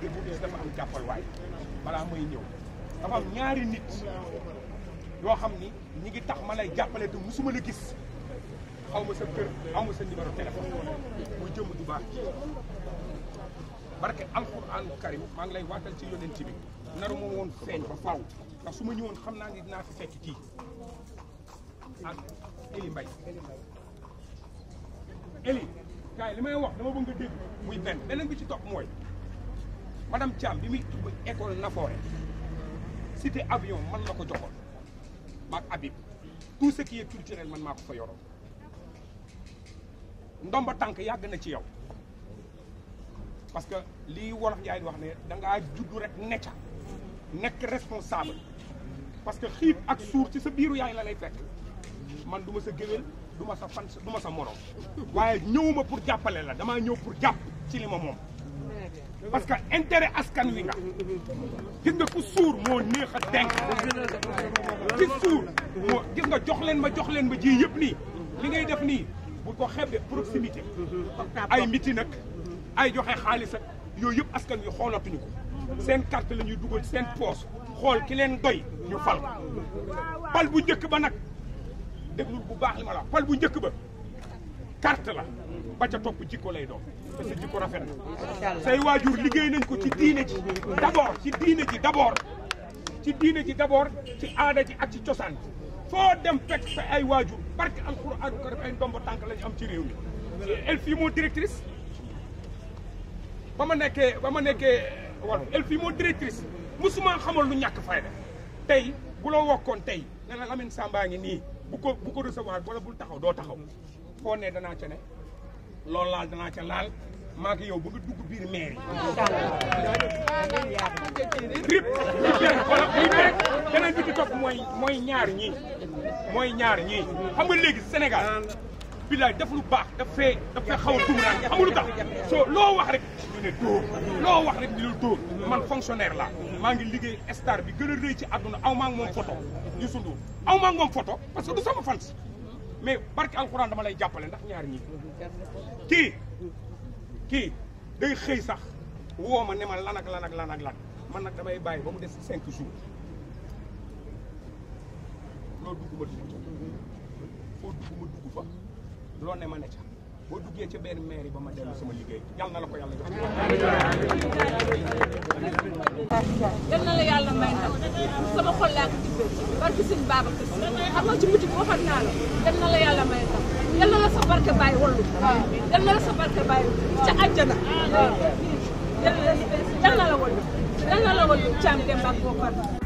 de bu bees dafa am jàppalwaay balaa mooy ñëw dafa am ñaari nit yoo xam ni ñi ngi tax ma lay jàppale te musuma la gis xaw ma sa kër xaw ma sa numéro téléphone muy jëmm du baax ci barke alquran karim maa ngi lay waatal ci yonent bi naru ma woon feeñ ba faaw ndax su ma ñëwoon xam naa ni naa fi fekk kii ak Eli Mbaye Eli gars li may wax dama bëgg nga dégg muy benn beneen bi ci topp mooy madame Thiam bi muy tubb école Nafoore cité avion man la ko joxoon maak Habib tout ce qui culturel man maa ko fa yoroon ndomba tànk yàgg na ci yow parce que lii wolof Njaay di wax ne da ngaa juddu rek necca nekk responsable parce que xiif ak suur ci sa biiru yaay la lay fekk man du ma sa géwél du ma sa fan du ma sa morom waaye ñëwuma pour jàppale la damaa ñëw pour jàpp ci li ma moom parce que intérêt askan wi nga gis nga ku suur moo neex a denk ci suur moo gis nga jox leen ma jox leen ma ji yëpp nii li ngay def nii bu ko xeeb de proximité ay miti nag ay joxe xaalis ak yooyu yëpp askan wi xoolatuñu ko seen carte ñu ñuy dugal seen poos xool ki leen doy ñu fal pal bu njëkk ba nag déglul bu baax li ma la pal bu njëkk ba carte la ba ca topp jikko lay doon te sa jikko rafet na say waajur liggéey nañ ko ci diine ji d'abord ci diine ji d'abord ci diine ji d'abord ci aada ji ak ci cosaan foo dem fekk sa ay waajur barke alxuraanu karim ay ndombo tànk lañ am ci réew mi elle fii moo directrice ba ma nekkee ba ma nekkee war elle fii moo directrice musuma xamoon lu ñàkk fayda tey bu la wokkoon tey ne la Lamine Samba ngi nii bu ko bu ko recevoir wala bul taxaw doo taxaw foo ne danaa ca loolu laal danaa laal maa ngi yow bëgg a dugg biir mairie. rip benn wala muy benn beneen bi ci topp mooy mooy ñaar ñii mooy ñaar ñii xam nga léegi Sénégal. bilaay def lu baax daf fee daf fee xaw a tumuraan xamul tax soo loo wax rek ñu ne dóor loo wax rek ñu ne dóor man fonctionnaire la maa ngi liggéey star bi gën a ci àdduna aw maa ngi moom photo Youssou aw maa ngi moom photo parce que du sama mais barki alxuraan dama lay jàppale ndax ñaar ñii kii kii day xëy sax woo ma ne ma lan ak lan ak lan man nag damay bàyyi ba mu des cinq jours loo dugg ma dugg fa loo ne ma ne ca boo duggee ci benn mairie ba ma dellu sama liggéey yàlla na la ko yàlla jox yal na la yàlla may ndam sama xol laa ko tibbee barke sëñ Babacar Si xam nga ci muti waxoon naa la yal na la yàlla may ndam yal na la sa barke bàyyi wallu yal na la sa barke bàyyi ca àjjana yal na la wallu yal na la wallu càmm dem ak boo